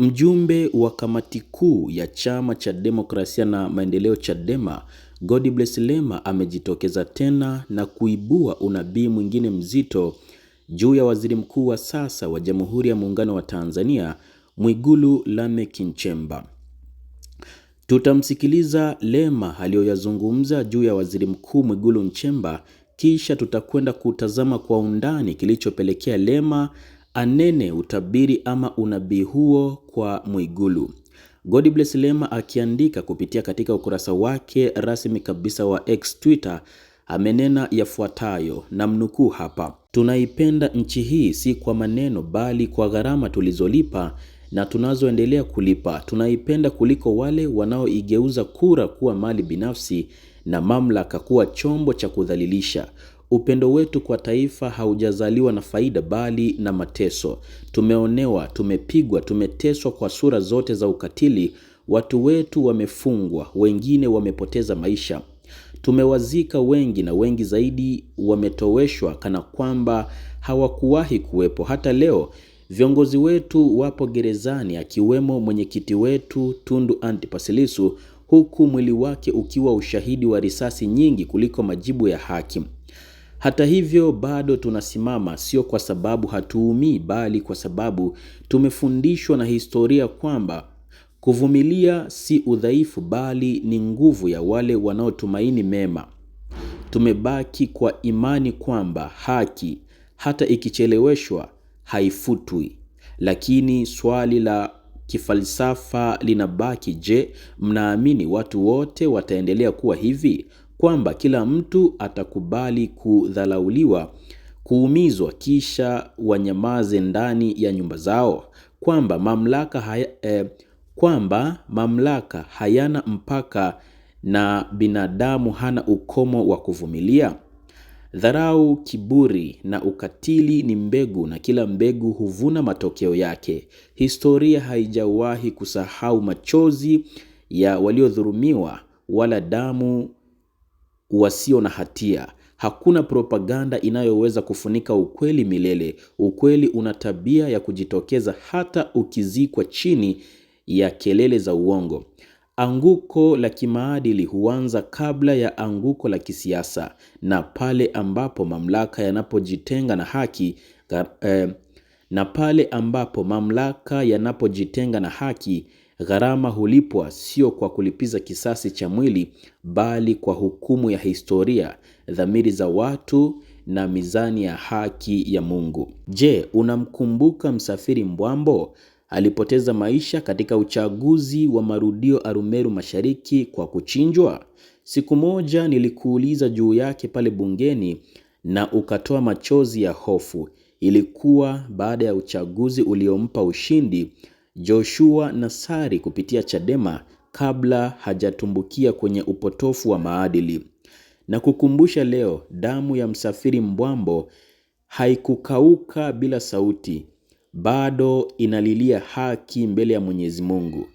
Mjumbe wa kamati kuu ya chama cha demokrasia na maendeleo Chadema, Godbless Lema amejitokeza tena na kuibua unabii mwingine mzito juu ya waziri mkuu wa sasa wa Jamhuri ya Muungano wa Tanzania, Mwigulu Lameck Nchemba. Tutamsikiliza Lema aliyoyazungumza juu ya waziri mkuu Mwigulu Nchemba, kisha tutakwenda kutazama kwa undani kilichopelekea Lema anene utabiri ama unabii huo kwa Mwigulu. Godbless Lema akiandika kupitia katika ukurasa wake rasmi kabisa wa X Twitter amenena yafuatayo, na mnukuu hapa: tunaipenda nchi hii si kwa maneno, bali kwa gharama tulizolipa na tunazoendelea kulipa. Tunaipenda kuliko wale wanaoigeuza kura kuwa mali binafsi na mamlaka kuwa chombo cha kudhalilisha. Upendo wetu kwa taifa haujazaliwa na faida bali na mateso. Tumeonewa, tumepigwa, tumeteswa kwa sura zote za ukatili. Watu wetu wamefungwa, wengine wamepoteza maisha. Tumewazika wengi na wengi zaidi wametoweshwa kana kwamba hawakuwahi kuwepo. Hata leo viongozi wetu wapo gerezani, akiwemo mwenyekiti wetu Tundu Antipas Lissu, huku mwili wake ukiwa ushahidi wa risasi nyingi kuliko majibu ya haki. Hata hivyo, bado tunasimama, sio kwa sababu hatuumii, bali kwa sababu tumefundishwa na historia kwamba kuvumilia si udhaifu, bali ni nguvu ya wale wanaotumaini mema. Tumebaki kwa imani kwamba haki, hata ikicheleweshwa, haifutwi. Lakini swali la kifalsafa linabaki: je, mnaamini watu wote wataendelea kuwa hivi? kwamba kila mtu atakubali kudhalauliwa, kuumizwa, kisha wanyamaze ndani ya nyumba zao, kwamba mamlaka haya, eh, kwamba mamlaka hayana mpaka na binadamu hana ukomo wa kuvumilia. Dharau, kiburi na ukatili ni mbegu, na kila mbegu huvuna matokeo yake. Historia haijawahi kusahau machozi ya waliodhulumiwa wala damu wasio na hatia. Hakuna propaganda inayoweza kufunika ukweli milele. Ukweli una tabia ya kujitokeza hata ukizikwa chini ya kelele za uongo. Anguko la kimaadili huanza kabla ya anguko la kisiasa, na pale ambapo mamlaka yanapojitenga na haki eh, na pale ambapo mamlaka yanapojitenga na haki Gharama hulipwa sio kwa kulipiza kisasi cha mwili, bali kwa hukumu ya historia, dhamiri za watu na mizani ya haki ya Mungu. Je, unamkumbuka Msafiri Mbwambo? Alipoteza maisha katika uchaguzi wa marudio Arumeru Mashariki kwa kuchinjwa. Siku moja nilikuuliza juu yake pale bungeni na ukatoa machozi ya hofu. Ilikuwa baada ya uchaguzi uliompa ushindi Joshua Nassari kupitia Chadema kabla hajatumbukia kwenye upotofu wa maadili. Na kukumbusha leo, damu ya msafiri Mbwambo haikukauka bila sauti, bado inalilia haki mbele ya Mwenyezi Mungu.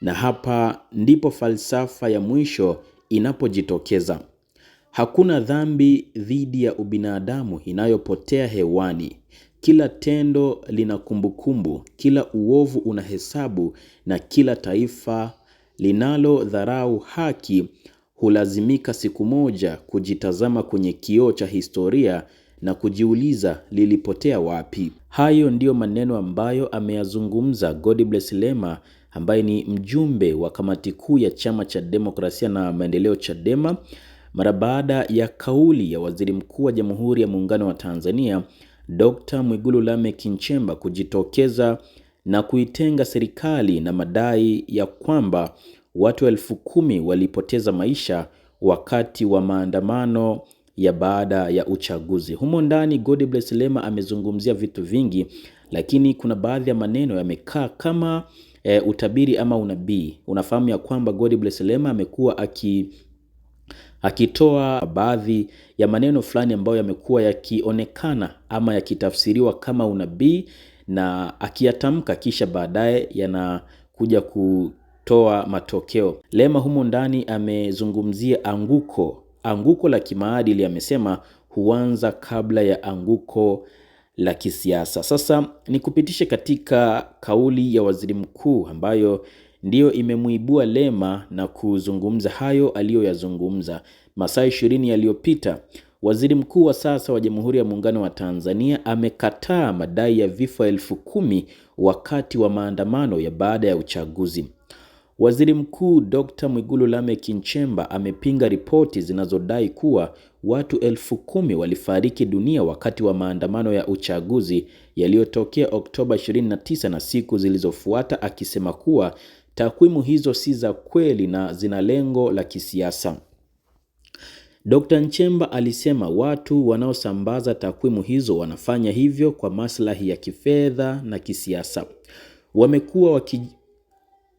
Na hapa ndipo falsafa ya mwisho inapojitokeza. Hakuna dhambi dhidi ya ubinadamu inayopotea hewani. Kila tendo lina kumbukumbu, kila uovu una hesabu, na kila taifa linalodharau haki hulazimika siku moja kujitazama kwenye kioo cha historia na kujiuliza lilipotea wapi. Hayo ndiyo maneno ambayo ameyazungumza Godbless Lema ambaye ni mjumbe wa kamati kuu ya chama cha demokrasia na maendeleo Chadema mara baada ya kauli ya waziri mkuu wa Jamhuri ya Muungano wa Tanzania Dr. Mwigulu Lameck Nchemba kujitokeza na kuitenga serikali na madai ya kwamba watu elfu kumi walipoteza maisha wakati wa maandamano ya baada ya uchaguzi. Humo ndani Godbless Lema amezungumzia vitu vingi, lakini kuna baadhi ya maneno yamekaa kama e, utabiri ama unabii. Unafahamu ya kwamba Godbless Lema amekuwa aki akitoa baadhi ya maneno fulani ambayo yamekuwa yakionekana ama yakitafsiriwa kama unabii na akiyatamka, kisha baadaye yanakuja kutoa matokeo. Lema humo ndani amezungumzia anguko, anguko la kimaadili. Amesema huanza kabla ya anguko la kisiasa. Sasa ni kupitisha katika kauli ya waziri mkuu ambayo ndiyo imemuibua Lema na kuzungumza hayo aliyoyazungumza masaa ishirini yaliyopita. Waziri mkuu wa sasa wa Jamhuri ya Muungano wa Tanzania amekataa madai ya vifo elfu kumi wakati wa maandamano ya baada ya uchaguzi. Waziri Mkuu Dr. Mwigulu Lameck Nchemba amepinga ripoti zinazodai kuwa watu elfu kumi walifariki dunia wakati wa maandamano ya uchaguzi yaliyotokea Oktoba 29 na siku zilizofuata, akisema kuwa Takwimu hizo si za kweli na zina lengo la kisiasa. Dr. Nchemba alisema watu wanaosambaza takwimu hizo wanafanya hivyo kwa maslahi ya kifedha na kisiasa. Wamekuwa waki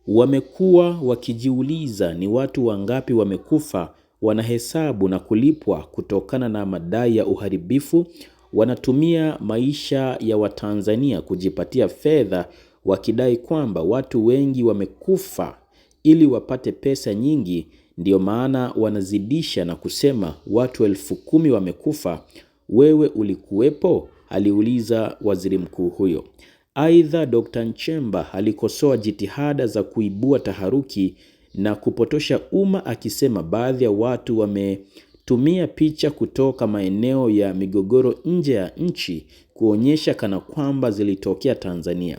wamekuwa wakijiuliza ni watu wangapi wamekufa, wanahesabu na kulipwa kutokana na madai ya uharibifu. Wanatumia maisha ya Watanzania kujipatia fedha wakidai kwamba watu wengi wamekufa ili wapate pesa nyingi, ndiyo maana wanazidisha na kusema watu elfu kumi wamekufa, wewe ulikuwepo? aliuliza waziri mkuu huyo. Aidha, Dr. Nchemba alikosoa jitihada za kuibua taharuki na kupotosha umma akisema baadhi ya watu wametumia picha kutoka maeneo ya migogoro nje ya nchi kuonyesha kana kwamba zilitokea Tanzania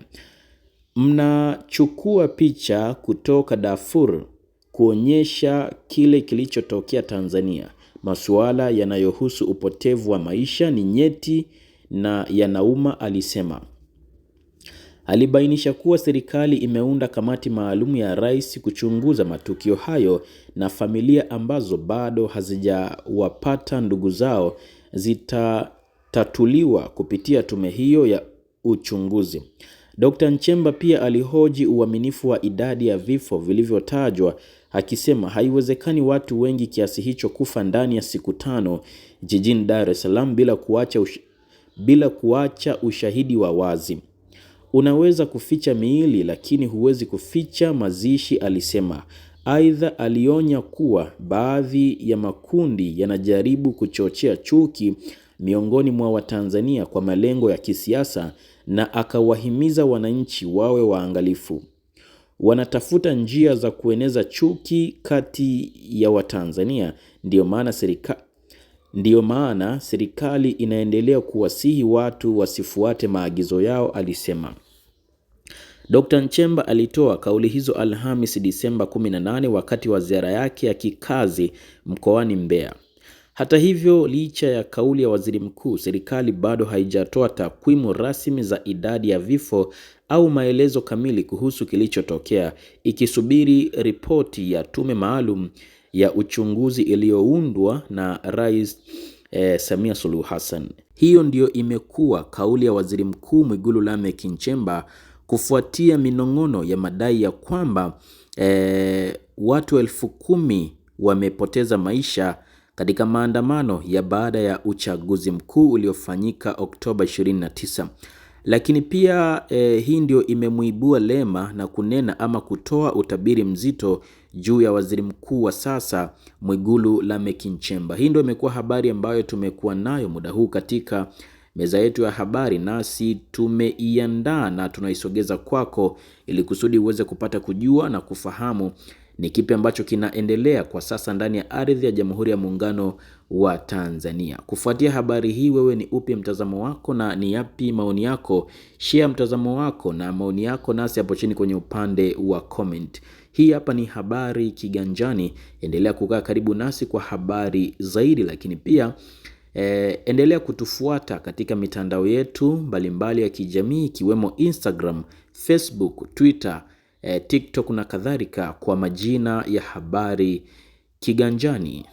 mnachukua picha kutoka Darfur kuonyesha kile kilichotokea Tanzania. Masuala yanayohusu upotevu wa maisha ni nyeti na yanauma, alisema. Alibainisha kuwa serikali imeunda kamati maalum ya rais kuchunguza matukio hayo na familia ambazo bado hazijawapata ndugu zao zitatatuliwa kupitia tume hiyo ya uchunguzi. Dr. Nchemba pia alihoji uaminifu wa idadi ya vifo vilivyotajwa akisema haiwezekani watu wengi kiasi hicho kufa ndani ya siku tano jijini Dar es Salaam bila kuacha, ush bila kuacha ushahidi wa wazi. Unaweza kuficha miili lakini huwezi kuficha mazishi, alisema. Aidha, alionya kuwa baadhi ya makundi yanajaribu kuchochea chuki miongoni mwa Watanzania kwa malengo ya kisiasa na akawahimiza wananchi wawe waangalifu. Wanatafuta njia za kueneza chuki kati ya Watanzania, ndiyo maana serika... ndiyo maana serikali inaendelea kuwasihi watu wasifuate maagizo yao, alisema. Dr. Nchemba alitoa kauli hizo Alhamis Disemba 18 wakati wa ziara yake ya kikazi mkoani Mbeya. Hata hivyo, licha ya kauli ya waziri mkuu, serikali bado haijatoa takwimu rasmi za idadi ya vifo au maelezo kamili kuhusu kilichotokea, ikisubiri ripoti ya tume maalum ya uchunguzi iliyoundwa na Rais eh, Samia Suluhu Hassan. Hiyo ndiyo imekuwa kauli ya Waziri Mkuu Mwigulu Lameck Nchemba kufuatia minong'ono ya madai ya kwamba eh, watu elfu kumi wamepoteza maisha katika maandamano ya baada ya uchaguzi mkuu uliofanyika Oktoba 29. Lakini pia eh, hii ndio imemuibua Lema na kunena ama kutoa utabiri mzito juu ya waziri mkuu wa sasa Mwigulu Lameck Nchemba. Hii ndio imekuwa habari ambayo tumekuwa nayo muda huu katika meza yetu ya habari, nasi tumeiandaa na tunaisogeza kwako ili kusudi uweze kupata kujua na kufahamu ni kipi ambacho kinaendelea kwa sasa ndani ya ardhi ya Jamhuri ya Muungano wa Tanzania. Kufuatia habari hii, wewe ni upi mtazamo wako na ni yapi maoni yako? Share mtazamo wako na maoni yako nasi hapo chini kwenye upande wa comment. Hii hapa ni Habari Kiganjani. Endelea kukaa karibu nasi kwa habari zaidi, lakini pia E, endelea kutufuata katika mitandao yetu mbalimbali mbali ya kijamii ikiwemo Instagram, Facebook, Twitter, e, TikTok na kadhalika kwa majina ya Habari Kiganjani.